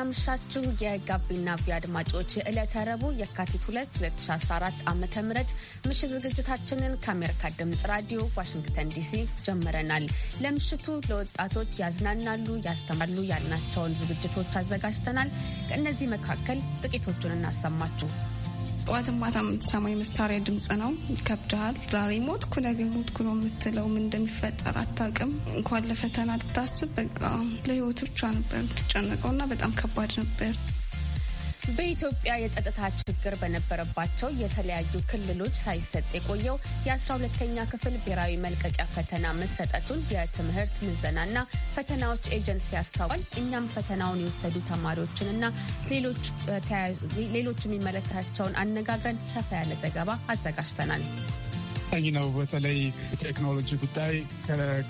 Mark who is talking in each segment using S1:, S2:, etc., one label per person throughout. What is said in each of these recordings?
S1: እንደምናመሻችሁ የጋቢና ቪ አድማጮች የዕለተ ረቡዕ የካቲት 2 2014 ዓ ም ምሽት ዝግጅታችንን ከአሜሪካ ድምፅ ራዲዮ ዋሽንግተን ዲሲ ጀምረናል። ለምሽቱ ለወጣቶች ያዝናናሉ፣ ያስተምራሉ ያልናቸውን ዝግጅቶች አዘጋጅተናል። ከእነዚህ መካከል ጥቂቶቹን እናሰማችሁ።
S2: ጠዋትም ማታ የምትሰማኝ የመሳሪያ ድምጽ ነው። ይከብድሃል። ዛሬ ሞትኩ ነገ ሞትኩ ነው የምትለው። ምን እንደሚፈጠር አታውቅም። እንኳን ለፈተና ልታስብ በቃ ለህይወት ብቻ ነበር የምትጨነቀው እና በጣም ከባድ ነበር።
S1: በኢትዮጵያ የጸጥታ ችግር በነበረባቸው የተለያዩ ክልሎች ሳይሰጥ የቆየው የ12ተኛ ክፍል ብሔራዊ መልቀቂያ ፈተና መሰጠቱን የትምህርት ምዘናና ፈተናዎች ኤጀንሲ አስታውቋል። እኛም ፈተናውን የወሰዱ ተማሪዎችንና ሌሎች የሚመለከታቸውን አነጋግረን ሰፋ ያለ ዘገባ አዘጋጅተናል።
S3: ወሳኝ ነው። በተለይ ቴክኖሎጂ ጉዳይ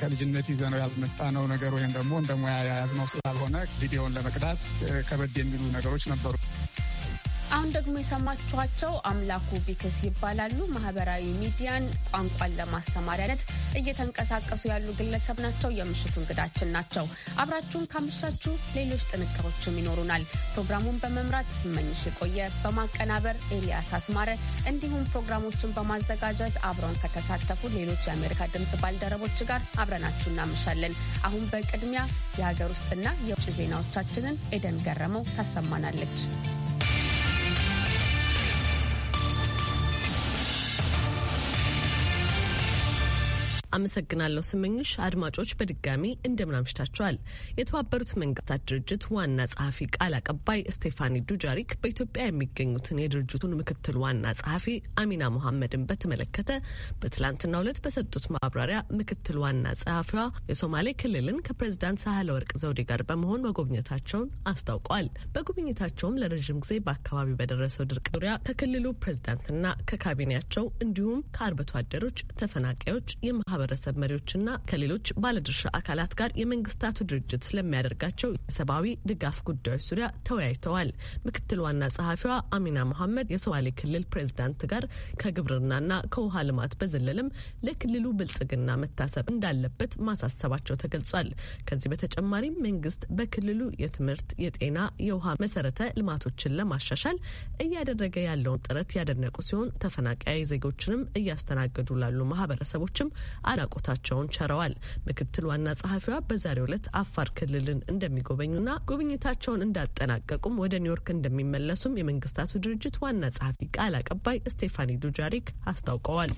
S3: ከልጅነት ይዘነው ያልመጣነው ነገር ወይም ደግሞ እንደ ሙያ የያዝነው ስላልሆነ ቪዲዮን ለመቅዳት ከበድ የሚሉ ነገሮች ነበሩ።
S1: አሁን ደግሞ የሰማችኋቸው አምላኩ ቢክስ ይባላሉ። ማህበራዊ ሚዲያን ቋንቋን ለማስተማሪያነት እየተንቀሳቀሱ ያሉ ግለሰብ ናቸው። የምሽቱ እንግዳችን ናቸው። አብራችሁን ካምሻችሁ ሌሎች ጥንቅሮችም ይኖሩናል። ፕሮግራሙን በመምራት ስመኝሽ የቆየ፣ በማቀናበር ኤልያስ አስማረ፣ እንዲሁም ፕሮግራሞችን በማዘጋጀት አብረውን ከተሳተፉ ሌሎች የአሜሪካ ድምፅ ባልደረቦች ጋር አብረናችሁ እናምሻለን። አሁን በቅድሚያ የሀገር ውስጥና የውጭ ዜናዎቻችንን ኤደን ገረመው ታሰማናለች። አመሰግናለሁ
S4: ስመኝሽ። አድማጮች በድጋሚ እንደምናምሽታችኋል። የተባበሩት መንግስታት ድርጅት ዋና ጸሐፊ ቃል አቀባይ ስቴፋኒ ዱጃሪክ በኢትዮጵያ የሚገኙትን የድርጅቱን ምክትል ዋና ጸሐፊ አሚና መሐመድን በተመለከተ በትላንትናው ዕለት በሰጡት ማብራሪያ ምክትል ዋና ጸሐፊዋ የሶማሌ ክልልን ከፕሬዚዳንት ወርቅ ዘውዴ ጋር በመሆን መጎብኘታቸውን አስታውቀዋል። በጉብኝታቸውም ለረዥም ጊዜ በአካባቢ በደረሰው ድርቅ ዙሪያ ከክልሉ ፕሬዚዳንትና ከካቢኔያቸው እንዲሁም ከአርብቶ አደሮች፣ ተፈናቃዮች፣ የማህበር ማህበረሰብ መሪዎችና ከሌሎች ባለድርሻ አካላት ጋር የመንግስታቱ ድርጅት ስለሚያደርጋቸው ሰብአዊ ድጋፍ ጉዳዮች ዙሪያ ተወያይተዋል። ምክትል ዋና ጸሐፊዋ አሚና መሐመድ የሶማሌ ክልል ፕሬዚዳንት ጋር ከግብርናና ከውሃ ልማት በዘለለም ለክልሉ ብልጽግና መታሰብ እንዳለበት ማሳሰባቸው ተገልጿል። ከዚህ በተጨማሪም መንግስት በክልሉ የትምህርት፣ የጤና፣ የውሃ መሰረተ ልማቶችን ለማሻሻል እያደረገ ያለውን ጥረት ያደነቁ ሲሆን ተፈናቃይ ዜጎችንም እያስተናገዱ ላሉ ማህበረሰቦችም አድናቆታቸውን ቸረዋል። ምክትል ዋና ጸሐፊዋ በዛሬው ዕለት አፋር ክልልን እንደሚጎበኙና ጉብኝታቸውን እንዳጠናቀቁም ወደ ኒውዮርክ እንደሚመለሱም የመንግስታቱ ድርጅት ዋና ጸሐፊ ቃል አቀባይ ስቴፋኒ ዱጃሪክ አስታውቀዋል።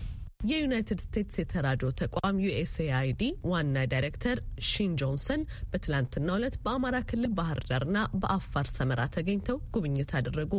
S4: የዩናይትድ ስቴትስ የተራድኦ ተቋም ዩኤስኤአይዲ ዋና ዳይሬክተር ሺን ጆንሰን በትላንትናው ዕለት በአማራ ክልል ባህር ዳርና በአፋር ሰመራ ተገኝተው ጉብኝት አደረጉ።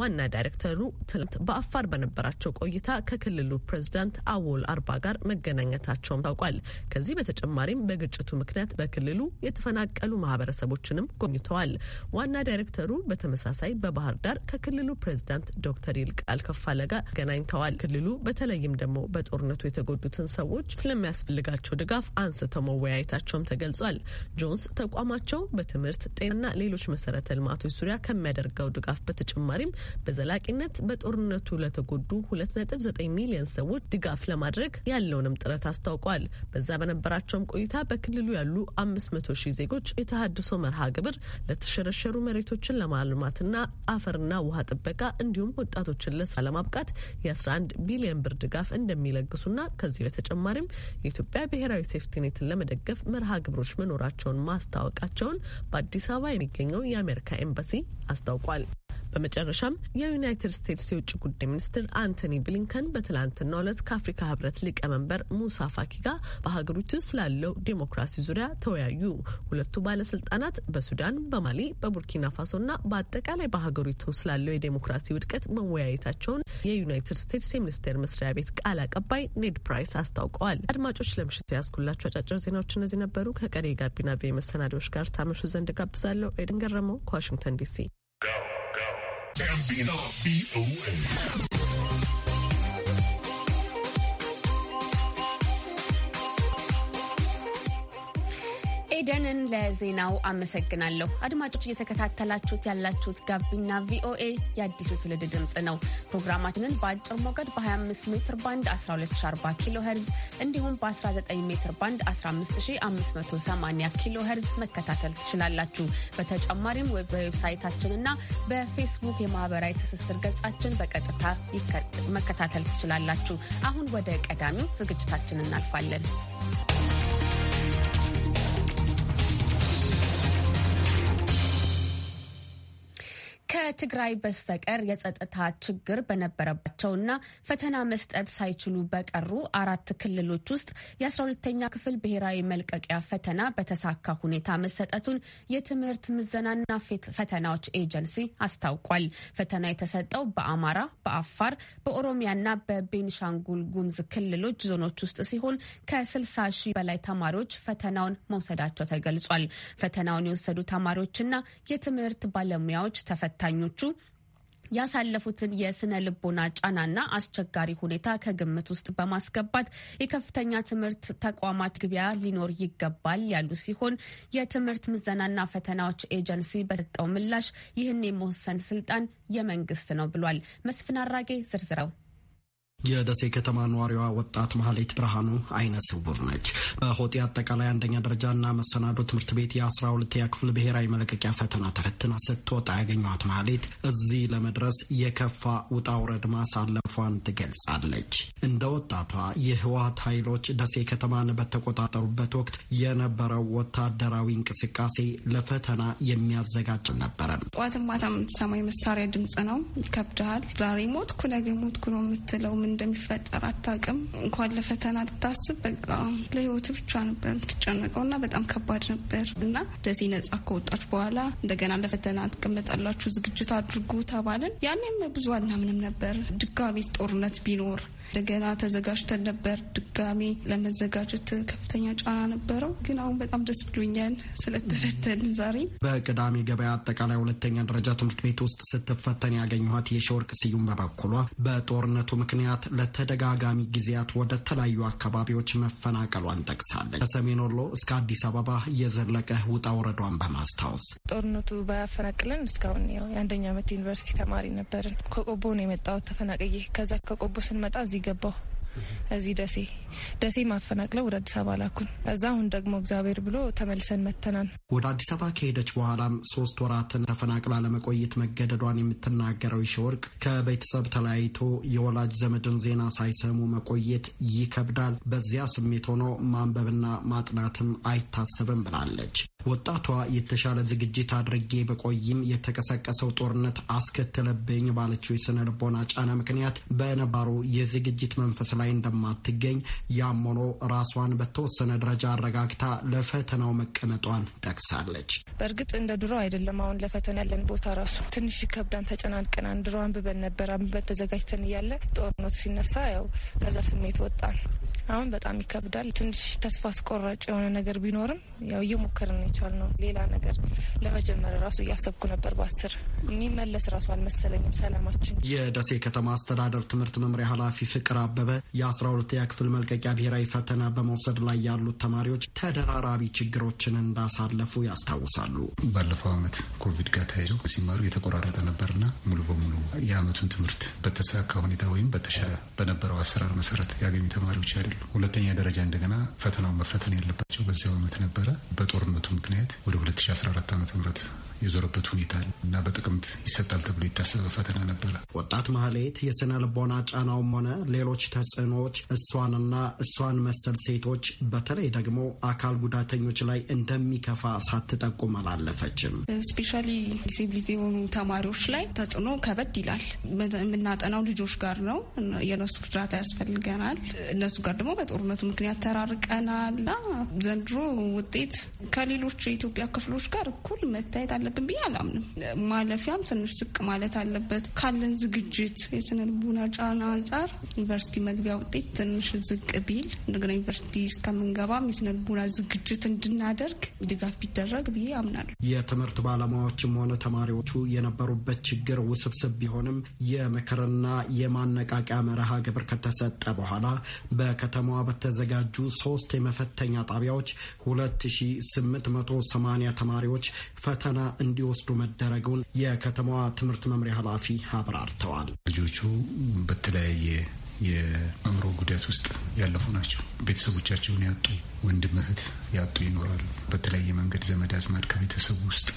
S4: ዋና ዳይሬክተሩ ትላንት በአፋር በነበራቸው ቆይታ ከክልሉ ፕሬዚዳንት አወል አርባ ጋር መገናኘታቸውም ታውቋል። ከዚህ በተጨማሪም በግጭቱ ምክንያት በክልሉ የተፈናቀሉ ማህበረሰቦችንም ጎብኝተዋል። ዋና ዳይሬክተሩ በተመሳሳይ በባህር ዳር ከክልሉ ፕሬዚዳንት ዶክተር ይልቃል ከፋለ ጋር ተገናኝተዋል። ክልሉ በተለይም ደግሞ በጦርነቱ የተጎዱትን ሰዎች ስለሚያስፈልጋቸው ድጋፍ አንስተው መወያየታቸውም ተገልጿል። ጆንስ ተቋማቸው በትምህርት ጤናና ሌሎች መሰረተ ልማቶች ዙሪያ ከሚያደርገው ድጋፍ በተጨማሪም በዘላቂነት በጦርነቱ ለተጎዱ 2.9 ሚሊዮን ሰዎች ድጋፍ ለማድረግ ያለውንም ጥረት አስታውቋል። በዛ በነበራቸውም ቆይታ በክልሉ ያሉ 500 ሺህ ዜጎች የተሃድሶ መርሃ ግብር ለተሸረሸሩ መሬቶችን ለማልማትና አፈርና ውሃ ጥበቃ እንዲሁም ወጣቶችን ለስራ ለማብቃት የ11 ቢሊዮን ብር ድጋፍ እንደሚለ እንዲለግሱና ከዚህ በተጨማሪም የኢትዮጵያ ብሔራዊ ሴፍቲኔትን ለመደገፍ መርሃ ግብሮች መኖራቸውን ማስታወቃቸውን በአዲስ አበባ የሚገኘው የአሜሪካ ኤምባሲ አስታውቋል። በመጨረሻም የዩናይትድ ስቴትስ የውጭ ጉዳይ ሚኒስትር አንቶኒ ብሊንከን በትላንትናው ዕለት ከአፍሪካ ህብረት ሊቀመንበር ሙሳ ፋኪ ጋር በሀገሪቱ ስላለው ዴሞክራሲ ዙሪያ ተወያዩ። ሁለቱ ባለስልጣናት በሱዳን፣ በማሊ፣ በቡርኪና ፋሶ እና በአጠቃላይ በሀገሪቱ ስላለው የዴሞክራሲ ውድቀት መወያየታቸውን የዩናይትድ ስቴትስ የሚኒስቴር መስሪያ ቤት ቃል አቀባይ ኔድ ፕራይስ አስታውቀዋል። አድማጮች ለምሽቱ ያስኩላቸው አጫጭር ዜናዎች እነዚህ ነበሩ። ከቀሪ ጋቢና ቪ መሰናዶዎች ጋር ታመሹ ዘንድ ጋብዛለሁ። ኤደን ገረመው ከዋሽንግተን ዲሲ
S5: Be Bambino, B-O-A.
S1: ኤደንን ለዜናው አመሰግናለሁ። አድማጮች እየተከታተላችሁት ያላችሁት ጋቢና ቪኦኤ የአዲሱ ትውልድ ድምፅ ነው። ፕሮግራማችንን በአጭር ሞገድ በ25 ሜትር ባንድ 1240 ኪሎ ሄርዝ እንዲሁም በ19 ሜትር ባንድ 15580 ኪሎ ሄርዝ መከታተል ትችላላችሁ። በተጨማሪም በዌብሳይታችንና በፌስቡክ የማህበራዊ ትስስር ገጻችን በቀጥታ መከታተል ትችላላችሁ። አሁን ወደ ቀዳሚው ዝግጅታችን እናልፋለን። ከትግራይ በስተቀር የጸጥታ ችግር በነበረባቸውና ፈተና መስጠት ሳይችሉ በቀሩ አራት ክልሎች ውስጥ የ12ተኛ ክፍል ብሔራዊ መልቀቂያ ፈተና በተሳካ ሁኔታ መሰጠቱን የትምህርት ምዘናና ፈተናዎች ኤጀንሲ አስታውቋል። ፈተና የተሰጠው በአማራ፣ በአፋር፣ በኦሮሚያና በቤንሻንጉል ጉምዝ ክልሎች ዞኖች ውስጥ ሲሆን ከ60 ሺህ በላይ ተማሪዎች ፈተናውን መውሰዳቸው ተገልጿል። ፈተናውን የወሰዱ ተማሪዎችና የትምህርት ባለሙያዎች ተፈታኝ ሰልፈኞቹ ያሳለፉትን የስነ ልቦና ጫናና አስቸጋሪ ሁኔታ ከግምት ውስጥ በማስገባት የከፍተኛ ትምህርት ተቋማት ግቢያ ሊኖር ይገባል ያሉ ሲሆን የትምህርት ምዘናና ፈተናዎች ኤጀንሲ በሰጠው ምላሽ ይህን የመወሰን ስልጣን የመንግስት ነው ብሏል። መስፍን አራጌ ዝርዝረው
S6: የደሴ ከተማ ነዋሪዋ ወጣት መሀሌት ብርሃኑ አይነ ስውር ነች። በሆጤ አጠቃላይ አንደኛ ደረጃና መሰናዶ ትምህርት ቤት የአስራ ሁለተኛ ክፍል ብሔራዊ መለቀቂያ ፈተና ተፈትና ስትወጣ ያገኘኋት መሀሌት እዚህ ለመድረስ የከፋ ውጣ ውረድ ማሳለፏን ትገልጻለች። እንደ ወጣቷ የህወሀት ኃይሎች ደሴ ከተማን በተቆጣጠሩበት ወቅት የነበረው ወታደራዊ እንቅስቃሴ ለፈተና የሚያዘጋጅ አልነበረም።
S2: ጠዋትም ማታም የምትሰማው ድምጽ ነው። ይከብድሃል። ዛሬ ሞትኩ ነገ ሞትኩ ነው የምትለው ምን እንደሚፈጠር አታውቅም። እንኳን ለፈተና ልታስብ በቃ ለህይወት ብቻ ነበር የምትጨነቀው እና በጣም ከባድ ነበር እና ደሴ ነጻ ከወጣች በኋላ እንደገና ለፈተና ትቀመጣላችሁ ዝግጅት አድርጉ ተባለን ያኔም ብዙ አናምንም ነበር ድጋሚ ጦርነት ቢኖር እንደገና ተዘጋጅተን ነበር። ድጋሚ ለመዘጋጀት ከፍተኛ ጫና ነበረው። ግን አሁን በጣም ደስ ብሎኛል ስለተፈተን። ዛሬ።
S6: በቅዳሜ ገበያ አጠቃላይ ሁለተኛ ደረጃ ትምህርት ቤት ውስጥ ስትፈተን ያገኘኋት የሸወርቅ ስዩም በበኩሏ በጦርነቱ ምክንያት ለተደጋጋሚ ጊዜያት ወደ ተለያዩ አካባቢዎች መፈናቀሏን ጠቅሳለች። ከሰሜን ወሎ እስከ አዲስ አበባ እየዘለቀ ውጣ ወረዷን በማስታወስ
S2: ጦርነቱ ባያፈናቅለን እስካሁን ያው የአንደኛ ዓመት ዩኒቨርሲቲ ተማሪ ነበርን። ከቆቦ ነው የመጣሁት ተፈናቅዬ። ከዛ ከቆቦ ስንመጣ እዚህ የገባው እዚህ ደሴ ደሴ ማፈናቅለው ወደ አዲስ አበባ ላኩን። እዛ አሁን ደግሞ እግዚአብሔር ብሎ ተመልሰን መተናል።
S6: ወደ አዲስ አበባ ከሄደች በኋላም ሶስት ወራትን ተፈናቅላ ለመቆየት መገደዷን የምትናገረው ይሸወርቅ ከቤተሰብ ተለያይቶ የወላጅ ዘመድን ዜና ሳይሰሙ መቆየት ይከብዳል። በዚያ ስሜት ሆኖ ማንበብና ማጥናትም አይታሰብም ብላለች። ወጣቷ የተሻለ ዝግጅት አድርጌ በቆይም የተቀሰቀሰው ጦርነት አስከተለብኝ ባለችው የስነ ልቦና ጫና ምክንያት በነባሩ የዝግጅት መንፈስ ላይ ላይ እንደማትገኝ ያም ሆኖ ራሷን በተወሰነ ደረጃ አረጋግታ ለፈተናው መቀመጧን ጠቅሳለች።
S2: በእርግጥ እንደ ድሮ አይደለም። አሁን ለፈተና ያለን ቦታ ራሱ ትንሽ ከብዳን ተጨናንቀናን። ድሮ አንብበን ነበር። አንብበን ተዘጋጅተን እያለ ጦርነቱ ሲነሳ ያው ከዛ ስሜት ወጣን። አሁን በጣም ይከብዳል። ትንሽ ተስፋ አስቆራጭ የሆነ ነገር ቢኖርም ያው እየሞከርን ይቻል ነው። ሌላ ነገር ለመጀመር ራሱ እያሰብኩ ነበር። በአስር የሚመለስ ራሱ አልመሰለኝም ሰላማችን።
S6: የደሴ ከተማ አስተዳደር ትምህርት መምሪያ ኃላፊ ፍቅር አበበ የአስራ ሁለተኛ ክፍል መልቀቂያ ብሔራዊ ፈተና በመውሰድ ላይ ያሉት
S7: ተማሪዎች ተደራራቢ ችግሮችን እንዳሳለፉ ያስታውሳሉ። ባለፈው ዓመት ኮቪድ ጋር ተያይዘው ሲማሩ የተቆራረጠ ነበርና ሙሉ በሙሉ የአመቱን ትምህርት በተሳካ ሁኔታ ወይም በተሻለ በነበረው አሰራር መሰረት ያገኙ ተማሪዎች አይደሉ ሁለተኛ ደረጃ እንደገና ፈተናው መፈተን ያለባቸው በዚያው ዓመት ነበረ። በጦርነቱ ምክንያት ወደ 2014 ዓ ም የዞረበት ሁኔታ እና በጥቅምት ይሰጣል ተብሎ የታሰበ ፈተና ነበረ።
S6: ወጣት ማህሌት የስነ ልቦና ጫናውም ሆነ ሌሎች ተጽዕኖዎች እሷንና እሷን መሰል ሴቶች በተለይ ደግሞ አካል ጉዳተኞች ላይ እንደሚከፋ ሳትጠቁም አላለፈችም።
S2: ስፔሻሊ ዲስብሊቲ የሆኑ ተማሪዎች ላይ ተጽዕኖ ከበድ ይላል። የምናጠናው ልጆች ጋር ነው። የነሱ እርዳታ ያስፈልገናል። እነሱ ጋር ደግሞ በጦርነቱ ምክንያት ተራርቀናልና ዘንድሮ ውጤት ከሌሎች የኢትዮጵያ ክፍሎች ጋር እኩል መታየት አለ አለብን ብዬ አላምንም። ማለፊያም ትንሽ ዝቅ ማለት አለበት። ካለን ዝግጅት የስነ ልቡና ጫና አንጻር ዩኒቨርሲቲ መግቢያ ውጤት ትንሽ ዝቅ ቢል እንደገና ዩኒቨርሲቲ እስከምንገባም የስነ ልቡና ዝግጅት እንድናደርግ ድጋፍ ቢደረግ ብዬ አምናለሁ።
S6: የትምህርት ባለሙያዎችም ሆነ ተማሪዎቹ የነበሩበት ችግር ውስብስብ ቢሆንም የምክርና የማነቃቂያ መርሃ ግብር ከተሰጠ በኋላ በከተማዋ በተዘጋጁ ሶስት የመፈተኛ ጣቢያዎች 2880 ተማሪዎች ፈተና እንዲወስዱ መደረጉን የከተማዋ ትምህርት መምሪያ ኃላፊ አብራርተዋል።
S7: ልጆቹ በተለያየ የአእምሮ ጉዳት ውስጥ ያለፉ ናቸው። ቤተሰቦቻቸውን ያጡ ወንድም እህት ያጡ ይኖራሉ። በተለያየ መንገድ ዘመድ አዝማድ ከቤተሰቡ ውስጥ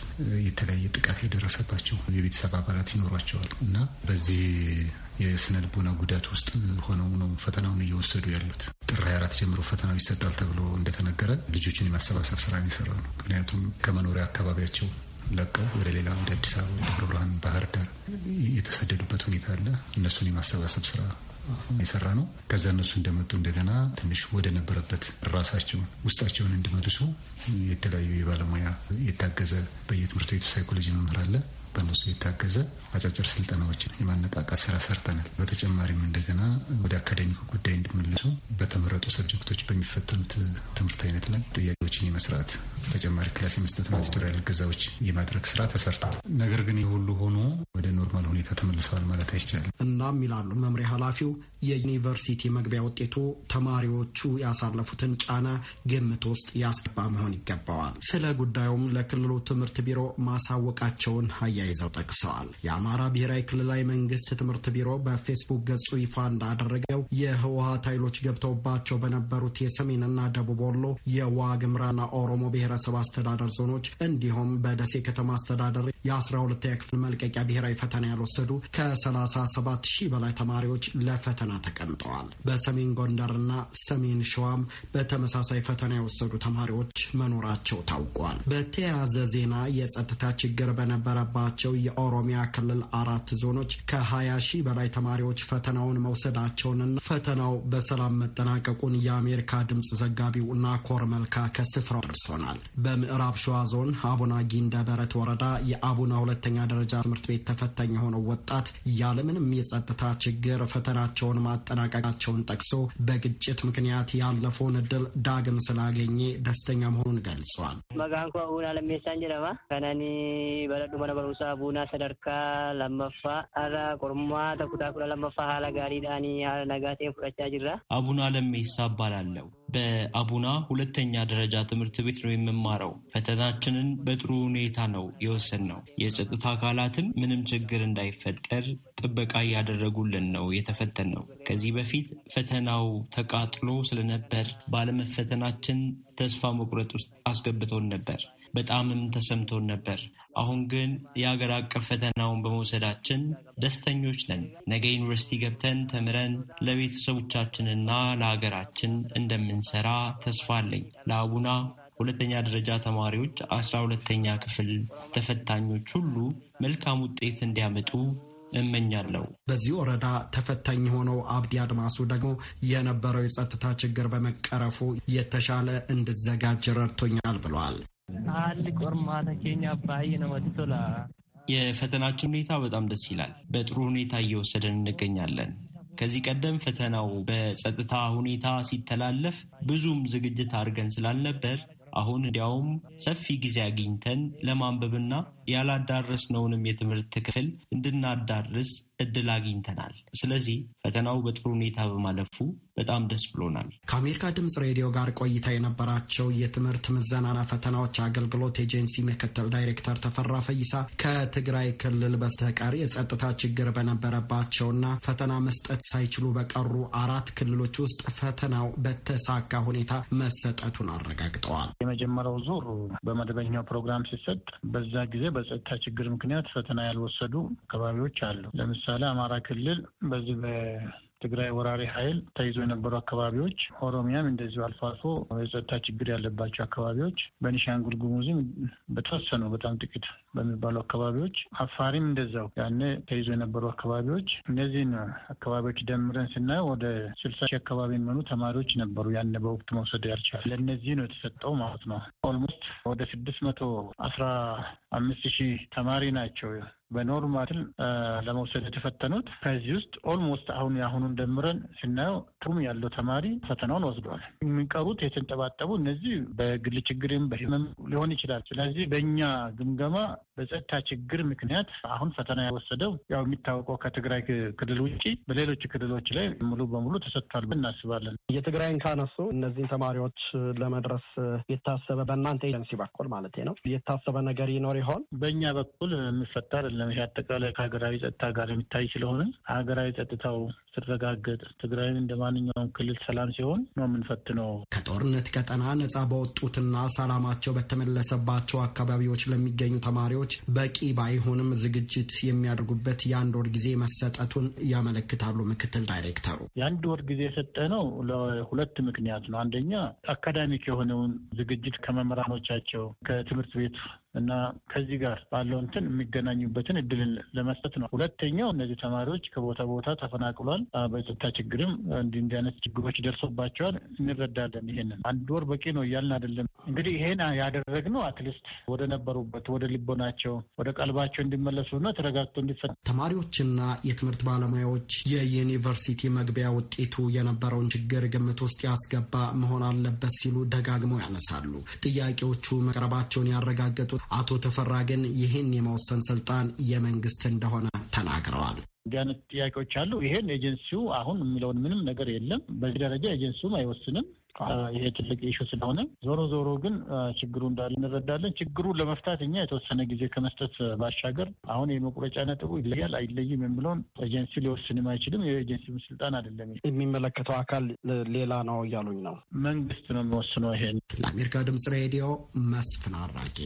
S7: የተለያየ ጥቃት የደረሰባቸው የቤተሰብ አባላት ይኖሯቸዋል እና በዚህ የስነ ልቦና ጉዳት ውስጥ ሆነው ነው ፈተናውን እየወሰዱ ያሉት። ጥር 24 ጀምሮ ፈተናው ይሰጣል ተብሎ እንደተነገረ ልጆችን የማሰባሰብ ስራ ነው ነው። ምክንያቱም ከመኖሪያ አካባቢያቸው ለቀው ወደ ሌላ ወደ አዲስ አበባ፣ ወደ ደብረ ብርሃን፣ ባህር ዳር የተሰደዱበት ሁኔታ አለ። እነሱን የማሰባሰብ ስራ የሰራ ነው። ከዛ እነሱ እንደመጡ እንደገና ትንሽ ወደ ነበረበት ራሳቸውን ውስጣቸውን እንዲመልሱ የተለያዩ የባለሙያ የታገዘ በየትምህርት ቤቱ ሳይኮሎጂ መምህር አለ በእነሱ የታገዘ አጫጭር ስልጠናዎችን የማነቃቃት ስራ ሰርተናል። በተጨማሪም እንደገና ወደ አካደሚክ ጉዳይ እንዲመለሱ በተመረጡ ሰብጀክቶች በሚፈተኑት ትምህርት አይነት ላይ ጥያቄዎችን የመስራት ተጨማሪ ክላስ የመስጠትና ቱቶሪያል ገዛዎች የማድረግ ስራ ተሰርቷል። ነገር ግን ሁሉ ሆኖ ወደ ኖርማል ሁኔታ ተመልሰዋል ማለት አይቻልም።
S6: እናም ይላሉ መምሪያ ኃላፊው የዩኒቨርሲቲ መግቢያ ውጤቱ ተማሪዎቹ ያሳለፉትን ጫና ግምት ውስጥ ያስገባ መሆን ይገባዋል። ስለ ጉዳዩም ለክልሉ ትምህርት ቢሮ ማሳወቃቸውን አያ አያይዘው ጠቅሰዋል። የአማራ ብሔራዊ ክልላዊ መንግስት ትምህርት ቢሮ በፌስቡክ ገጹ ይፋ እንዳደረገው የህወሀት ኃይሎች ገብተውባቸው በነበሩት የሰሜንና ደቡብ ወሎ የዋግምራና ኦሮሞ ብሔረሰብ አስተዳደር ዞኖች እንዲሁም በደሴ ከተማ አስተዳደር የ 12 ተኛ ክፍል መልቀቂያ ብሔራዊ ፈተና ያልወሰዱ ከ37 ሺህ በላይ ተማሪዎች ለፈተና ተቀምጠዋል። በሰሜን ጎንደርና ሰሜን ሸዋም በተመሳሳይ ፈተና የወሰዱ ተማሪዎች መኖራቸው ታውቋል። በተያያዘ ዜና የጸጥታ ችግር በነበረባ ባላቸው የኦሮሚያ ክልል አራት ዞኖች ከ20 ሺህ በላይ ተማሪዎች ፈተናውን መውሰዳቸውንና ፈተናው በሰላም መጠናቀቁን የአሜሪካ ድምፅ ዘጋቢው ናኮር መልካ ከስፍራው ደርሶናል። በምዕራብ ሸዋ ዞን አቡና ጊንደበረት ወረዳ የአቡና ሁለተኛ ደረጃ ትምህርት ቤት ተፈታኝ የሆነው ወጣት ያለምንም የጸጥታ ችግር ፈተናቸውን ማጠናቀቃቸውን ጠቅሶ በግጭት ምክንያት ያለፈውን እድል ዳግም ስላገኘ ደስተኛ መሆኑን ገልጿል።
S5: መጋንኳ ኡና ለሜሳን እንጅለማ ከነኒ በለዱ መነበሩ Maasaa Buunaa sadarkaa lammaffaa hara qormaata kutaa kudha lammaffaa haala gaariidhaanii haala nagaa ta'een fudhachaa jirra.
S8: አቡና ለሜሳ እባላለሁ። በአቡና ሁለተኛ ደረጃ ትምህርት ቤት ነው የምማረው። ፈተናችንን በጥሩ ሁኔታ ነው የወሰን ነው። የጸጥታ አካላትም ምንም ችግር እንዳይፈጠር ጥበቃ እያደረጉልን ነው የተፈተን ነው። ከዚህ በፊት ፈተናው ተቃጥሎ ስለነበር ባለመፈተናችን ተስፋ መቁረጥ ውስጥ አስገብቶን ነበር። በጣምም ተሰምቶን ነበር። አሁን ግን የአገር አቀፍ ፈተናውን በመውሰዳችን ደስተኞች ነን። ነገ ዩኒቨርሲቲ ገብተን ተምረን ለቤተሰቦቻችንና ለሀገራችን እንደምንሰራ ተስፋ አለኝ። ለአቡና ሁለተኛ ደረጃ ተማሪዎች አስራ ሁለተኛ ክፍል ተፈታኞች ሁሉ መልካም ውጤት እንዲያመጡ እመኛለሁ።
S6: በዚህ ወረዳ ተፈታኝ የሆነው አብዲ አድማሱ ደግሞ የነበረው የጸጥታ ችግር በመቀረፉ የተሻለ እንድዘጋጅ ረድቶኛል ብሏል።
S8: የፈተናችን ሁኔታ በጣም ደስ ይላል። በጥሩ ሁኔታ እየወሰደን እንገኛለን። ከዚህ ቀደም ፈተናው በጸጥታ ሁኔታ ሲተላለፍ ብዙም ዝግጅት አድርገን ስላልነበር አሁን እንዲያውም ሰፊ ጊዜ አግኝተን ለማንበብና ያላዳረስነውንም የትምህርት ክፍል እንድናዳርስ እድል አግኝተናል። ስለዚህ ፈተናው በጥሩ ሁኔታ በማለፉ በጣም ደስ ብሎናል።
S6: ከአሜሪካ ድምፅ ሬዲዮ ጋር ቆይታ የነበራቸው የትምህርት ምዘናና ፈተናዎች አገልግሎት ኤጀንሲ ምክትል ዳይሬክተር ተፈራ ፈይሳ ከትግራይ ክልል በስተቀር የጸጥታ ችግር በነበረባቸውና ፈተና መስጠት ሳይችሉ በቀሩ አራት ክልሎች ውስጥ ፈተናው በተሳካ ሁኔታ መሰጠቱን
S5: አረጋግጠዋል። የመጀመሪያው ዙር በመደበኛው ፕሮግራም ሲሰጥ በዛ ጊዜ በጸጥታ ችግር ምክንያት ፈተና ያልወሰዱ አካባቢዎች አሉ። ለምሳሌ አማራ ክልል በዚህ ትግራይ ወራሪ ኃይል ተይዞ የነበሩ አካባቢዎች፣ ኦሮሚያም እንደዚሁ አልፎ አልፎ የጸጥታ ችግር ያለባቸው አካባቢዎች፣ በኒሻንጉል ጉሙዝም በተወሰኑ በጣም ጥቂት በሚባሉ አካባቢዎች፣ አፋሪም እንደዛው ያኔ ተይዞ የነበሩ አካባቢዎች፣ እነዚህን አካባቢዎች ደምረን ስናየው ወደ ስልሳ ሺህ አካባቢ የሚሆኑ ተማሪዎች ነበሩ ያነ በወቅት መውሰድ ያልቻል ለእነዚህ ነው የተሰጠው ማለት ነው። ኦልሞስት ወደ ስድስት መቶ አስራ አምስት ሺህ ተማሪ ናቸው በኖርማል ለመውሰድ የተፈተኑት ከዚህ ውስጥ ኦልሞስት አሁን የአሁኑን ደምረን ስናየው ቱም ያለው ተማሪ ፈተናውን ወስዷል። የሚቀሩት የተንጠባጠቡ እነዚህ በግል ችግርም በህመም ሊሆን ይችላል። ስለዚህ በእኛ ግምገማ በጸጥታ ችግር ምክንያት አሁን ፈተና የወሰደው ያው የሚታወቀው ከትግራይ ክልል ውጭ በሌሎች ክልሎች ላይ ሙሉ በሙሉ ተሰጥቷል እናስባለን።
S6: የትግራይን ካነሱ እነዚህን ተማሪዎች ለመድረስ የታሰበ በእናንተ ኤጀንሲ በኩል ማለት ነው የታሰበ ነገር ይኖር ይሆን?
S5: በእኛ በኩል የሚፈታ አይደለም። አይደለም። አጠቃላይ ከሀገራዊ ጸጥታ ጋር የሚታይ ስለሆነ ሀገራዊ ጸጥታው ስረጋገጥ ትግራይን እንደ ማንኛውም ክልል ሰላም ሲሆን ነው የምንፈትነው። ከጦርነት
S6: ቀጠና ነጻ በወጡትና ሰላማቸው በተመለሰባቸው አካባቢዎች ለሚገኙ ተማሪዎች በቂ ባይሆንም ዝግጅት የሚያደርጉበት የአንድ ወር ጊዜ መሰጠቱን ያመለክታሉ ምክትል
S5: ዳይሬክተሩ። የአንድ ወር ጊዜ የሰጠ ነው ለሁለት ምክንያት ነው። አንደኛ አካዳሚክ የሆነውን ዝግጅት ከመምህራኖቻቸው ከትምህርት ቤት እና ከዚህ ጋር ባለው እንትን የሚገናኙበትን እድልን ለመስጠት ነው። ሁለተኛው እነዚህ ተማሪዎች ከቦታ ቦታ ተፈናቅሏል፣ በጸጥታ ችግርም እንዲህ አይነት ችግሮች ደርሶባቸዋል። እንረዳለን። ይሄንን አንድ ወር በቂ ነው እያልን አይደለም። እንግዲህ ይሄን ያደረግነው አትሊስት ወደ ነበሩበት ወደ ልቦናቸው ወደ ቀልባቸው እንዲመለሱና ተረጋግቶ እንዲፈ
S6: ተማሪዎችና የትምህርት ባለሙያዎች የዩኒቨርሲቲ መግቢያ ውጤቱ የነበረውን ችግር ግምት ውስጥ ያስገባ መሆን አለበት ሲሉ ደጋግመው ያነሳሉ። ጥያቄዎቹ መቅረባቸውን ያረጋገጡ አቶ ተፈራ ግን ይህን የመወሰን ስልጣን የመንግስት እንደሆነ ተናግረዋል።
S5: እንዲህ አይነት ጥያቄዎች አሉ። ይሄን ኤጀንሲው አሁን የሚለውን ምንም ነገር የለም። በዚህ ደረጃ ኤጀንሲውም አይወስንም። ይሄ ትልቅ ኢሹ ስለሆነ ዞሮ ዞሮ ግን ችግሩ እንዳለ እንረዳለን። ችግሩን ለመፍታት እኛ የተወሰነ ጊዜ ከመስጠት ባሻገር አሁን የመቁረጫ ነጥቡ ይለያል አይለይም የሚለውን ኤጀንሲ ሊወስንም አይችልም። የኤጀንሲ ስልጣን አይደለም፣ የሚመለከተው አካል ሌላ ነው እያሉኝ ነው። መንግስት ነው የሚወስነው። ይሄን
S6: ለአሜሪካ ድምጽ ሬዲዮ መስፍን አራጌ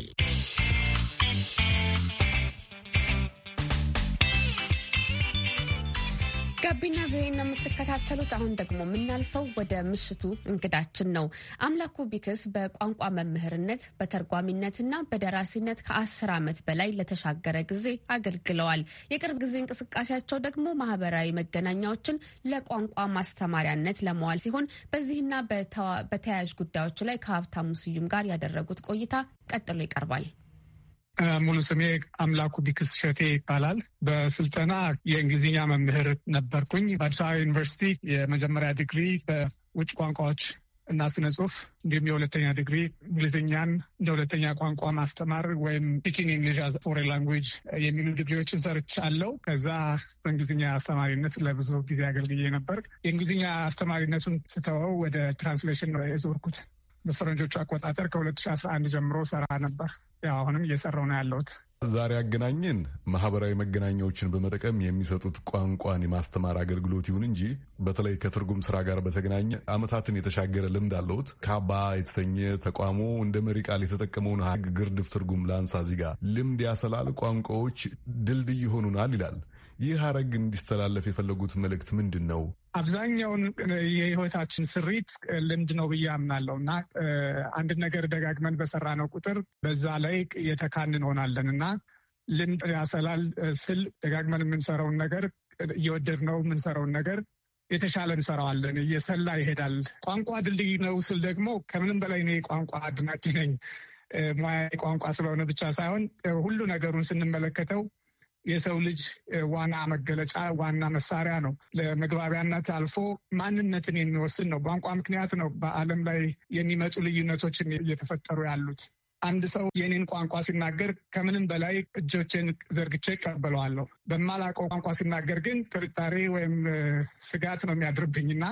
S1: ጋቢና ቪ ነው የምትከታተሉት። አሁን ደግሞ የምናልፈው ወደ ምሽቱ እንግዳችን ነው። አምላኩ ቢክስ በቋንቋ መምህርነት በተርጓሚነትና በደራሲነት ከአስር ዓመት በላይ ለተሻገረ ጊዜ አገልግለዋል። የቅርብ ጊዜ እንቅስቃሴያቸው ደግሞ ማህበራዊ መገናኛዎችን ለቋንቋ ማስተማሪያነት ለመዋል ሲሆን በዚህና በተያያዥ ጉዳዮች ላይ ከሀብታሙ ስዩም ጋር ያደረጉት ቆይታ ቀጥሎ ይቀርባል።
S3: ሙሉ ስሜ አምላኩ ቢክስ ሸቴ ይባላል። በስልጠና የእንግሊዝኛ መምህር ነበርኩኝ። በአዲስ አበባ ዩኒቨርሲቲ የመጀመሪያ ዲግሪ በውጭ ቋንቋዎች እና ስነ ጽሁፍ እንዲሁም የሁለተኛ ዲግሪ እንግሊዝኛን እንደ ሁለተኛ ቋንቋ ማስተማር ወይም ስፒኪንግ እንግሊሽ አዝ ፎሬን ላንጉጅ የሚሉ ዲግሪዎችን አለው። ከዛ በእንግሊዝኛ አስተማሪነት ለብዙ ጊዜ አገልግዬ ነበር። የእንግሊዝኛ አስተማሪነቱን ስተወው ወደ ትራንስሌሽን የዞርኩት በፈረንጆቹ አቆጣጠር ከ2011 ጀምሮ ሰራ ነበር።
S9: ያው አሁንም እየሰራው ነው ያለሁት። ዛሬ አገናኝን ማህበራዊ መገናኛዎችን በመጠቀም የሚሰጡት ቋንቋን የማስተማር አገልግሎት ይሁን እንጂ በተለይ ከትርጉም ስራ ጋር በተገናኘ አመታትን የተሻገረ ልምድ አለሁት። ካባ የተሰኘ ተቋሙ እንደ መሪ ቃል የተጠቀመውን ግርድፍ ትርጉም ላንሳ ዚጋ ልምድ ያሰላል፣ ቋንቋዎች ድልድይ ይሆኑናል ይላል። ይህ ሀረግ እንዲተላለፍ የፈለጉት መልእክት ምንድን ነው?
S3: አብዛኛውን የህይወታችን ስሪት ልምድ ነው ብዬ አምናለው እና አንድ ነገር ደጋግመን በሰራ ነው ቁጥር በዛ ላይ እየተካን እንሆናለን እና ልምድ ያሰላል ስል ደጋግመን የምንሰራውን ነገር እየወደድነው የምንሰራውን ነገር የተሻለ እንሰራዋለን። እየሰላ ይሄዳል። ቋንቋ ድልድይ ነው ስል ደግሞ ከምንም በላይ እኔ ቋንቋ አድናቂ ነኝ። ሙያ ቋንቋ ስለሆነ ብቻ ሳይሆን ሁሉ ነገሩን ስንመለከተው የሰው ልጅ ዋና መገለጫ ዋና መሳሪያ ነው። ለመግባቢያነት አልፎ ማንነትን የሚወስን ነው። ቋንቋ ምክንያት ነው በዓለም ላይ የሚመጡ ልዩነቶችን እየተፈጠሩ ያሉት። አንድ ሰው የኔን ቋንቋ ሲናገር ከምንም በላይ እጆቼን ዘርግቼ ይቀበለዋለሁ። በማላውቀው ቋንቋ ሲናገር ግን ጥርጣሬ ወይም ስጋት ነው የሚያድርብኝና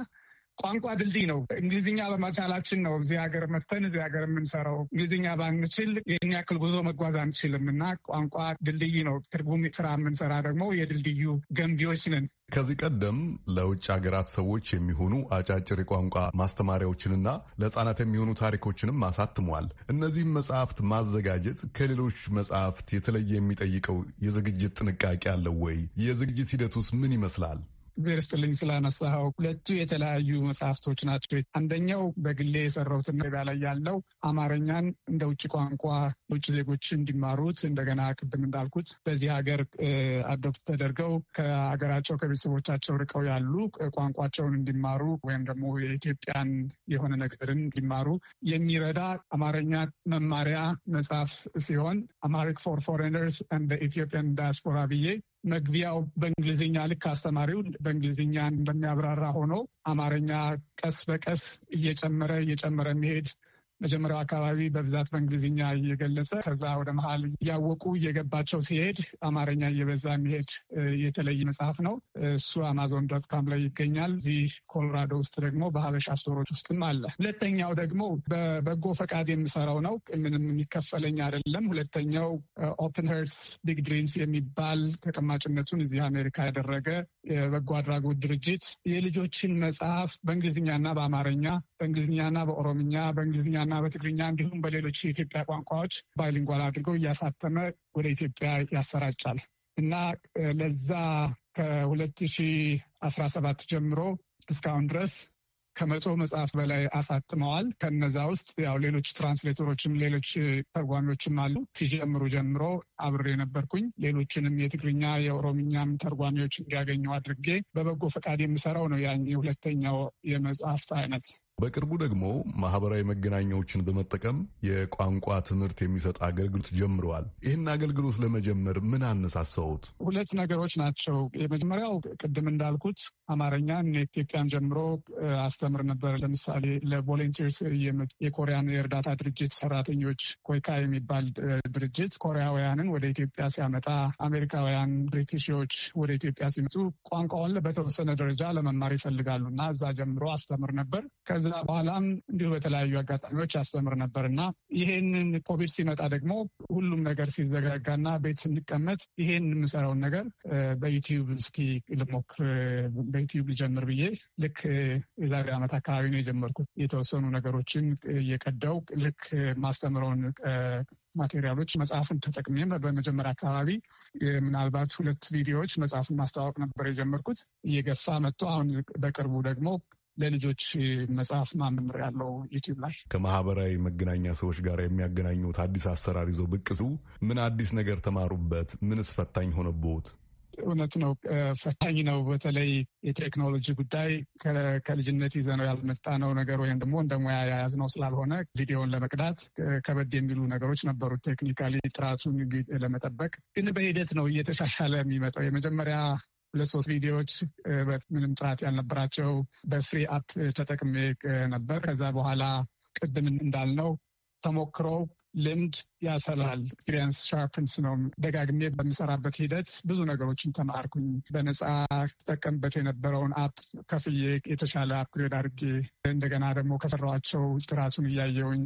S3: ቋንቋ ድልድይ ነው። እንግሊዝኛ በመቻላችን ነው እዚህ ሀገር መስተን እዚህ ሀገር የምንሰራው። እንግሊዝኛ ባንችል ይህን ያክል ጉዞ መጓዝ አንችልም እና ቋንቋ ድልድይ ነው። ትርጉም ስራ የምንሰራ ደግሞ የድልድዩ
S9: ገንቢዎች ነን። ከዚህ ቀደም ለውጭ ሀገራት ሰዎች የሚሆኑ አጫጭር የቋንቋ ማስተማሪያዎችንና ለህፃናት የሚሆኑ ታሪኮችንም አሳትመዋል። እነዚህም መጽሐፍት ማዘጋጀት ከሌሎች መጽሐፍት የተለየ የሚጠይቀው የዝግጅት ጥንቃቄ አለው ወይ? የዝግጅት ሂደት ውስጥ ምን ይመስላል?
S3: እግዜር ይስጥልኝ ስላነሳኸው። ሁለቱ የተለያዩ መጽሐፍቶች ናቸው። አንደኛው በግሌ የሰራሁትና ገበያ ላይ ያለው አማርኛን እንደ ውጭ ቋንቋ ውጭ ዜጎች እንዲማሩት እንደገና ቅድም እንዳልኩት በዚህ ሀገር አዶፕት ተደርገው ከሀገራቸው ከቤተሰቦቻቸው ርቀው ያሉ ቋንቋቸውን እንዲማሩ ወይም ደግሞ የኢትዮጵያን የሆነ ነገርን እንዲማሩ የሚረዳ አማርኛ መማሪያ መጽሐፍ ሲሆን አማሪክ ፎር ፎሬነርስ ኢትዮጵያን ዳያስፖራ ብዬ መግቢያው በእንግሊዝኛ ልክ አስተማሪው በእንግሊዝኛ እንደሚያብራራ ሆኖ አማርኛ ቀስ በቀስ እየጨመረ እየጨመረ መሄድ መጀመሪያው አካባቢ በብዛት በእንግሊዝኛ እየገለጸ ከዛ ወደ መሀል እያወቁ እየገባቸው ሲሄድ አማርኛ እየበዛ የሚሄድ የተለየ መጽሐፍ ነው። እሱ አማዞን ዶት ካም ላይ ይገኛል። እዚህ ኮሎራዶ ውስጥ ደግሞ በሀበሻ ስቶሮች ውስጥም አለ። ሁለተኛው ደግሞ በበጎ ፈቃድ የምሰራው ነው። ምንም የሚከፈለኝ አይደለም። ሁለተኛው ኦፕን ሄርትስ ቢግ ድሪምስ የሚባል ተቀማጭነቱን እዚህ አሜሪካ ያደረገ የበጎ አድራጎት ድርጅት የልጆችን መጽሐፍ በእንግሊዝኛና በአማርኛ በእንግሊዝኛና በኦሮምኛ በእንግሊዝኛና እና በትግርኛ እንዲሁም በሌሎች የኢትዮጵያ ቋንቋዎች ባይሊንጓል አድርጎ እያሳተመ ወደ ኢትዮጵያ ያሰራጫል እና ለዛ ከ2017 ጀምሮ እስካሁን ድረስ ከመቶ መጽሐፍ በላይ አሳትመዋል። ከነዛ ውስጥ ያው ሌሎች ትራንስሌተሮችም ሌሎች ተርጓሚዎችም አሉ። ሲጀምሩ ጀምሮ አብሬ ነበርኩኝ። ሌሎችንም የትግርኛ የኦሮምኛም ተርጓሚዎች እንዲያገኙ አድርጌ በበጎ ፈቃድ የምሰራው ነው ያ ሁለተኛው የመጽሐፍት አይነት
S9: በቅርቡ ደግሞ ማህበራዊ መገናኛዎችን በመጠቀም የቋንቋ ትምህርት የሚሰጥ አገልግሎት ጀምረዋል። ይህን አገልግሎት ለመጀመር ምን አነሳሳውት?
S3: ሁለት ነገሮች ናቸው። የመጀመሪያው ቅድም እንዳልኩት አማርኛን ኢትዮጵያን ጀምሮ አስተምር ነበር። ለምሳሌ ለቮለንቲርስ የኮሪያን የእርዳታ ድርጅት ሰራተኞች ኮይካ የሚባል ድርጅት ኮሪያውያንን ወደ ኢትዮጵያ ሲያመጣ፣ አሜሪካውያን ብሪቲሽዎች ወደ ኢትዮጵያ ሲመጡ ቋንቋውን በተወሰነ ደረጃ ለመማር ይፈልጋሉ እና እዛ ጀምሮ አስተምር ነበር። ከዛ በኋላም እንዲሁ በተለያዩ አጋጣሚዎች ያስተምር ነበር እና ይሄንን ኮቪድ ሲመጣ ደግሞ ሁሉም ነገር ሲዘጋጋና ቤት ስንቀመጥ ይሄን የምሰራውን ነገር በዩቲዩብ እስኪ ልሞክር በዩቲዩብ ልጀምር ብዬ ልክ የዛሬ ዓመት አካባቢ ነው የጀመርኩት። የተወሰኑ ነገሮችን እየቀዳው ልክ ማስተምረውን ማቴሪያሎች መጽሐፍን ተጠቅሜም በመጀመሪያ አካባቢ ምናልባት ሁለት ቪዲዮዎች መጽሐፍን ማስተዋወቅ ነበር የጀመርኩት። እየገፋ መጥቶ አሁን በቅርቡ ደግሞ ለልጆች መጽሐፍ ማምምር ያለው ዩቲዩብ ላይ
S9: ከማህበራዊ መገናኛ ሰዎች ጋር የሚያገናኙት አዲስ አሰራር ይዞ ብቅ ሲሉ ምን አዲስ ነገር ተማሩበት? ምንስ ፈታኝ ሆነቦት?
S3: እውነት ነው፣ ፈታኝ ነው። በተለይ የቴክኖሎጂ ጉዳይ ከልጅነት ይዘነው ያልመጣነው ነገር ወይም ደግሞ እንደ ሙያ የያዝነው ስላልሆነ ቪዲዮን ለመቅዳት ከበድ የሚሉ ነገሮች ነበሩ። ቴክኒካሊ ጥራቱን ለመጠበቅ ግን በሂደት ነው እየተሻሻለ የሚመጣው። የመጀመሪያ ሁለት ሶስት ቪዲዮዎች ምንም ጥራት ያልነበራቸው በፍሪ አፕ ተጠቅሜ ነበር። ከዛ በኋላ ቅድም እንዳልነው ተሞክሮ ልምድ ያሰላል። ኤክስፒሪየንስ ሻርፕንስ ነው። ደጋግሜ በምሰራበት ሂደት ብዙ ነገሮችን ተማርኩኝ። በነፃ ተጠቀምበት የነበረውን አፕ ከፍዬ የተሻለ አፕግሬድ አድርጌ እንደገና ደግሞ ከሰራኋቸው ጥራቱን እያየውኝ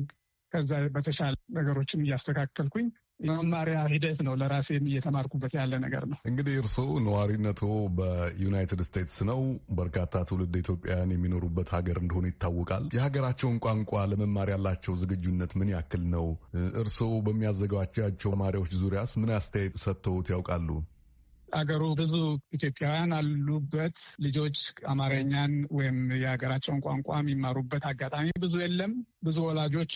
S3: ከዛ በተሻለ ነገሮችን እያስተካከልኩኝ የመማሪያ ሂደት ነው። ለራሴም እየተማርኩበት ያለ ነገር ነው።
S9: እንግዲህ እርስዎ ነዋሪነቶ በዩናይትድ ስቴትስ ነው። በርካታ ትውልድ ኢትዮጵያውያን የሚኖሩበት ሀገር እንደሆነ ይታወቃል። የሀገራቸውን ቋንቋ ለመማር ያላቸው ዝግጁነት ምን ያክል ነው? እርስዎ በሚያዘጋጃቸው ተማሪዎች ዙሪያስ ምን አስተያየት ሰጥተውት ያውቃሉ?
S3: አገሩ ብዙ ኢትዮጵያውያን አሉበት። ልጆች አማርኛን ወይም የሀገራቸውን ቋንቋ የሚማሩበት አጋጣሚ ብዙ የለም። ብዙ ወላጆች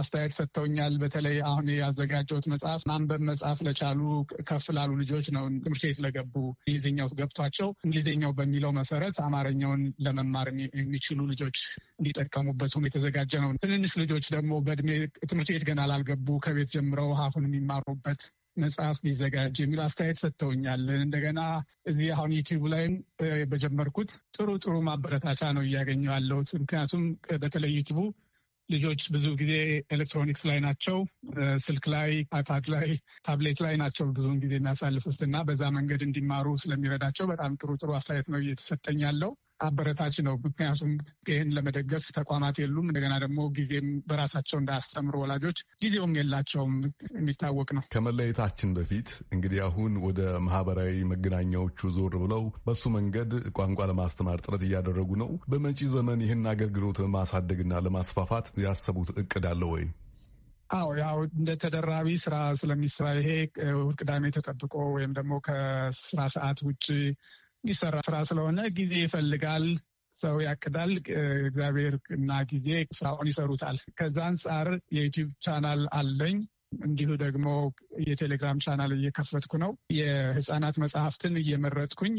S3: አስተያየት ሰጥተውኛል። በተለይ አሁን ያዘጋጀሁት መጽሐፍ ማንበብ መጽሐፍ ለቻሉ ከፍ ላሉ ልጆች ነው። ትምህርት ቤት ለገቡ እንግሊዝኛው ገብቷቸው እንግሊዝኛው በሚለው መሰረት አማርኛውን ለመማር የሚችሉ ልጆች እንዲጠቀሙበት የተዘጋጀ ነው። ትንንሽ ልጆች ደግሞ በእድሜ ትምህርት ቤት ገና ላልገቡ ከቤት ጀምረው አሁን የሚማሩበት መጽሐፍ ቢዘጋጅ የሚል አስተያየት ሰጥተውኛል። እንደገና እዚህ አሁን ዩቲዩብ ላይም በጀመርኩት ጥሩ ጥሩ ማበረታቻ ነው እያገኘ ያለሁት። ምክንያቱም በተለይ ዩቲዩቡ ልጆች ብዙ ጊዜ ኤሌክትሮኒክስ ላይ ናቸው፣ ስልክ ላይ፣ አይፓድ ላይ፣ ታብሌት ላይ ናቸው ብዙውን ጊዜ የሚያሳልፉት እና በዛ መንገድ እንዲማሩ ስለሚረዳቸው በጣም ጥሩ ጥሩ አስተያየት ነው እየተሰጠኝ ያለው። አበረታች ነው። ምክንያቱም ይህን ለመደገፍ ተቋማት የሉም። እንደገና ደግሞ ጊዜም በራሳቸው እንዳያስተምሩ
S9: ወላጆች ጊዜውም የላቸውም። የሚታወቅ ነው። ከመለየታችን በፊት እንግዲህ አሁን ወደ ማህበራዊ መገናኛዎቹ ዞር ብለው በሱ መንገድ ቋንቋ ለማስተማር ጥረት እያደረጉ ነው። በመጪ ዘመን ይህን አገልግሎት ለማሳደግና ለማስፋፋት ያሰቡት እቅድ አለ ወይ?
S3: አዎ ያው እንደ ተደራቢ ስራ ስለሚሰራ ይሄ ቅዳሜ ተጠብቆ ወይም ደግሞ ከስራ ሰዓት ውጭ ይሰራ ስራ ስለሆነ ጊዜ ይፈልጋል። ሰው ያቅዳል። እግዚአብሔር እና ጊዜ ስራውን ይሰሩታል። ከዛ አንጻር የዩቲዩብ ቻናል አለኝ። እንዲሁ ደግሞ የቴሌግራም ቻናል እየከፈትኩ ነው። የህፃናት መጽሐፍትን እየመረጥኩኝ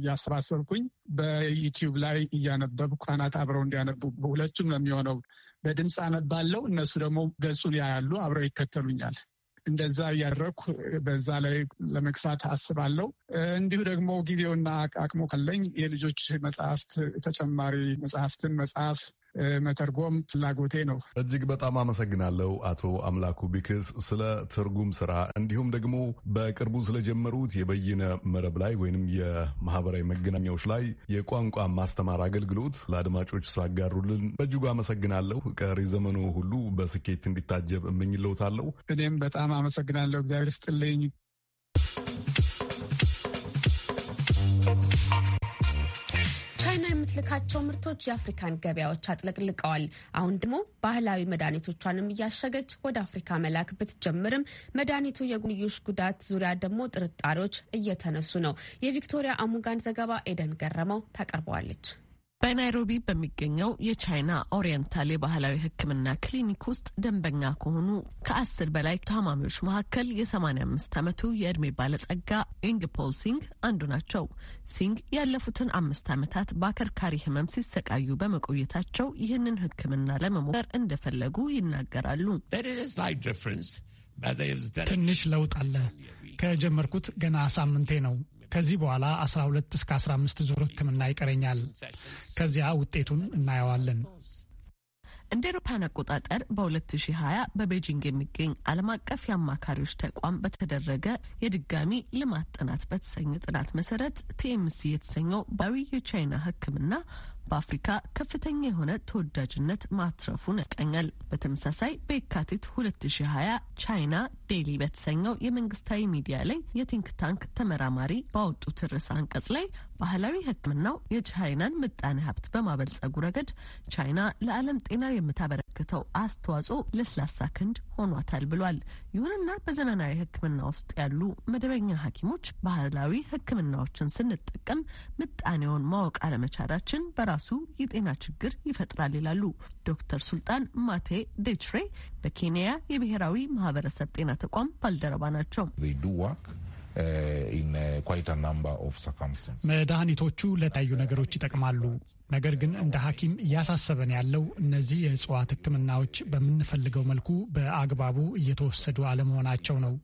S3: እያሰባሰብኩኝ በዩቲዩብ ላይ እያነበብኩ ህፃናት አብረው እንዲያነቡ በሁለቱም ነው የሚሆነው። በድምፅ አነባለው፣ እነሱ ደግሞ ገጹን ያያሉ፣ አብረው ይከተሉኛል። እንደዛ እያደረኩ በዛ ላይ ለመግፋት አስባለሁ። እንዲሁ ደግሞ ጊዜውና አቅሙ ካለኝ የልጆች መጽሐፍት ተጨማሪ መጽሐፍትን መጽሐፍ መተርጎም ፍላጎቴ ነው።
S9: እጅግ በጣም አመሰግናለሁ አቶ አምላኩ ቢክስ ስለ ትርጉም ስራ እንዲሁም ደግሞ በቅርቡ ስለጀመሩት የበይነ መረብ ላይ ወይንም የማህበራዊ መገናኛዎች ላይ የቋንቋ ማስተማር አገልግሎት ለአድማጮች ስላጋሩልን በእጅጉ አመሰግናለሁ። ቀሪ ዘመኑ ሁሉ በስኬት እንዲታጀብ እመኝልዎታለሁ።
S3: እኔም በጣም አመሰግናለሁ። እግዚአብሔር ስጥልኝ።
S1: የምትልካቸው ምርቶች የአፍሪካን ገበያዎች አጥለቅልቀዋል። አሁን ደግሞ ባህላዊ መድኃኒቶቿንም እያሸገች ወደ አፍሪካ መላክ ብትጀምርም መድኃኒቱ የጎንዮሽ ጉዳት ዙሪያ ደግሞ ጥርጣሬዎች እየተነሱ ነው። የቪክቶሪያ አሙጋን ዘገባ ኤደን ገረመው ታቀርበዋለች።
S4: በናይሮቢ በሚገኘው የቻይና ኦሪየንታል የባህላዊ ሕክምና ክሊኒክ ውስጥ ደንበኛ ከሆኑ ከአስር በላይ ታማሚዎች መካከል የሰማንያ አምስት ዓመቱ የእድሜ ባለጸጋ ኢንግፖል ሲንግ አንዱ ናቸው። ሲንግ ያለፉትን አምስት ዓመታት በአከርካሪ ህመም ሲሰቃዩ በመቆየታቸው ይህንን ሕክምና ለመሞከር እንደፈለጉ ይናገራሉ። ትንሽ ለውጥ አለ። ከጀመርኩት
S10: ገና ሳምንቴ ነው። ከዚህ በኋላ 12 እስከ 15 ዙር ህክምና ይቀረኛል። ከዚያ ውጤቱን እናየዋለን።
S4: እንደ ኤሮፓን አቆጣጠር በ2020 በቤጂንግ የሚገኝ ዓለም አቀፍ የአማካሪዎች ተቋም በተደረገ የድጋሚ ልማት ጥናት በተሰኘ ጥናት መሰረት ቲኤምሲ የተሰኘው ባዊ የቻይና ህክምና በአፍሪካ ከፍተኛ የሆነ ተወዳጅነት ማትረፉን ያስቀኛል። በተመሳሳይ በየካቲት 2020 ቻይና ዴሊ በተሰኘው የመንግስታዊ ሚዲያ ላይ የቲንክ ታንክ ተመራማሪ ባወጡት ርዕስ አንቀጽ ላይ ባህላዊ ሕክምናው የቻይናን ምጣኔ ሀብት በማበልጸጉ ረገድ ቻይና ለዓለም ጤና የምታበረክተው አስተዋጽኦ ለስላሳ ክንድ ሆኗታል ብሏል። ይሁንና በዘመናዊ ሕክምና ውስጥ ያሉ መደበኛ ሐኪሞች ባህላዊ ሕክምናዎችን ስንጠቀም ምጣኔውን ማወቅ አለመቻላችን በራ በራሱ የጤና ችግር ይፈጥራል ይላሉ ዶክተር ሱልጣን ማቴ ዴችሬ በኬንያ የብሔራዊ ማህበረሰብ ጤና ተቋም ባልደረባ ናቸው።
S7: uh, uh,
S10: መድኃኒቶቹ ለተለያዩ ነገሮች ይጠቅማሉ። ነገር ግን እንደ ሐኪም እያሳሰበን ያለው እነዚህ የእጽዋት ሕክምናዎች በምንፈልገው መልኩ በአግባቡ እየተወሰዱ አለመሆናቸው ነው።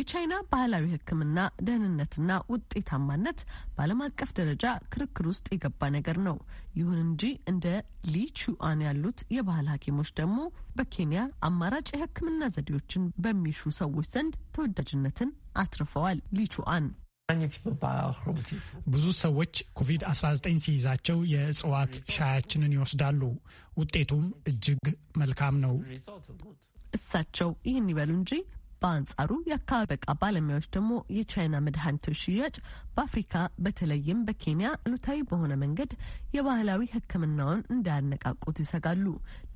S4: የቻይና ባህላዊ ሕክምና ደህንነትና ውጤታማነት በዓለም አቀፍ ደረጃ ክርክር ውስጥ የገባ ነገር ነው። ይሁን እንጂ እንደ ሊ ቹአን ያሉት የባህል ሐኪሞች ደግሞ በኬንያ አማራጭ የሕክምና ዘዴዎችን በሚሹ ሰዎች ዘንድ ተወዳጅነትን አትርፈዋል። ሊ ቹአን
S10: ብዙ ሰዎች ኮቪድ-19 ሲይዛቸው
S4: የእጽዋት ሻያችንን ይወስዳሉ። ውጤቱም እጅግ መልካም ነው። እሳቸው ይህን ይበሉ እንጂ በአንጻሩ የአካባቢ በቃ ባለሙያዎች ደግሞ የቻይና መድኃኒቶች ሽያጭ በአፍሪካ በተለይም በኬንያ አሉታዊ በሆነ መንገድ የባህላዊ ሕክምናውን እንዳያነቃቁት ይሰጋሉ።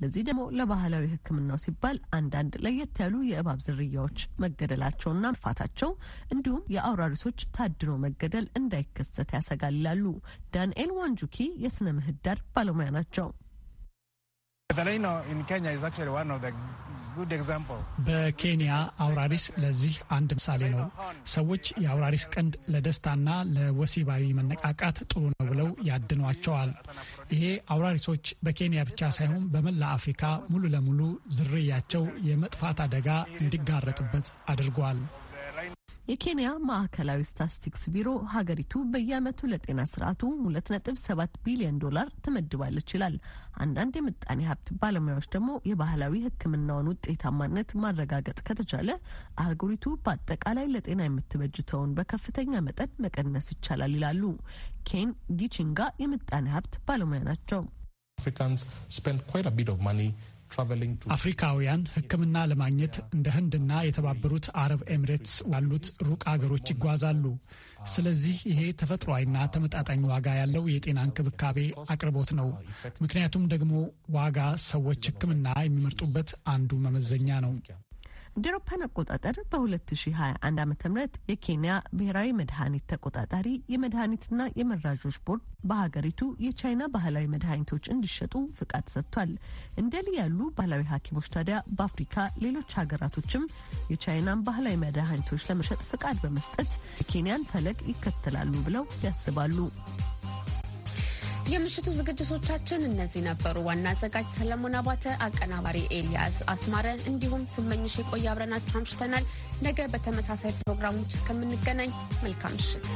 S4: ለዚህ ደግሞ ለባህላዊ ሕክምናው ሲባል አንዳንድ ለየት ያሉ የእባብ ዝርያዎች መገደላቸውና መጥፋታቸው እንዲሁም የአውራሪሶች ታድኖ መገደል እንዳይከሰት ያሰጋል ይላሉ። ዳንኤል ዋንጁኪ የስነ ምህዳር ባለሙያ ናቸው።
S10: በኬንያ አውራሪስ ለዚህ አንድ ምሳሌ ነው። ሰዎች የአውራሪስ ቀንድ ለደስታና ለወሲባዊ መነቃቃት ጥሩ ነው ብለው ያድኗቸዋል። ይሄ አውራሪሶች በኬንያ ብቻ ሳይሆን በመላ አፍሪካ ሙሉ ለሙሉ ዝርያቸው የመጥፋት አደጋ እንዲጋረጥበት አድርጓል።
S4: የኬንያ ማዕከላዊ ስታትስቲክስ ቢሮ ሀገሪቱ በየዓመቱ ለጤና ስርዓቱ 27 ቢሊዮን ዶላር ትመድባለች ይላል። አንዳንድ የምጣኔ ሀብት ባለሙያዎች ደግሞ የባህላዊ ሕክምናውን ውጤታማነት ማረጋገጥ ከተቻለ አህጉሪቱ በአጠቃላይ ለጤና የምትበጅተውን በከፍተኛ መጠን መቀነስ ይቻላል ይላሉ። ኬን ጊቺንጋ የምጣኔ ሀብት ባለሙያ ናቸው።
S8: Africans spend quite
S10: አፍሪካውያን ሕክምና ለማግኘት እንደ ህንድና የተባበሩት አረብ ኤሚሬትስ ላሉት ሩቅ አገሮች ይጓዛሉ። ስለዚህ ይሄ ተፈጥሯዊና ተመጣጣኝ ዋጋ ያለው የጤና እንክብካቤ አቅርቦት ነው። ምክንያቱም ደግሞ ዋጋ ሰዎች ሕክምና የሚመርጡበት
S4: አንዱ መመዘኛ ነው። እንደ አውሮፓን አቆጣጠር በ2021 ዓ ም የኬንያ ብሔራዊ መድኃኒት ተቆጣጣሪ የመድኃኒትና የመራዦች ቦርድ በሀገሪቱ የቻይና ባህላዊ መድኃኒቶች እንዲሸጡ ፍቃድ ሰጥቷል። እንደ ሊ ያሉ ባህላዊ ሐኪሞች ታዲያ በአፍሪካ ሌሎች ሀገራቶችም የቻይናን ባህላዊ መድኃኒቶች ለመሸጥ ፍቃድ በመስጠት የኬንያን ፈለግ ይከተላሉ ብለው ያስባሉ።
S1: የምሽቱ ዝግጅቶቻችን እነዚህ ነበሩ። ዋና አዘጋጅ ሰለሞን አባተ፣ አቀናባሪ ኤልያስ አስማረ እንዲሁም ስመኝሽ የቆየ አብረናችሁ አምሽተናል። ነገ በተመሳሳይ ፕሮግራሞች እስከምንገናኝ መልካም ምሽት።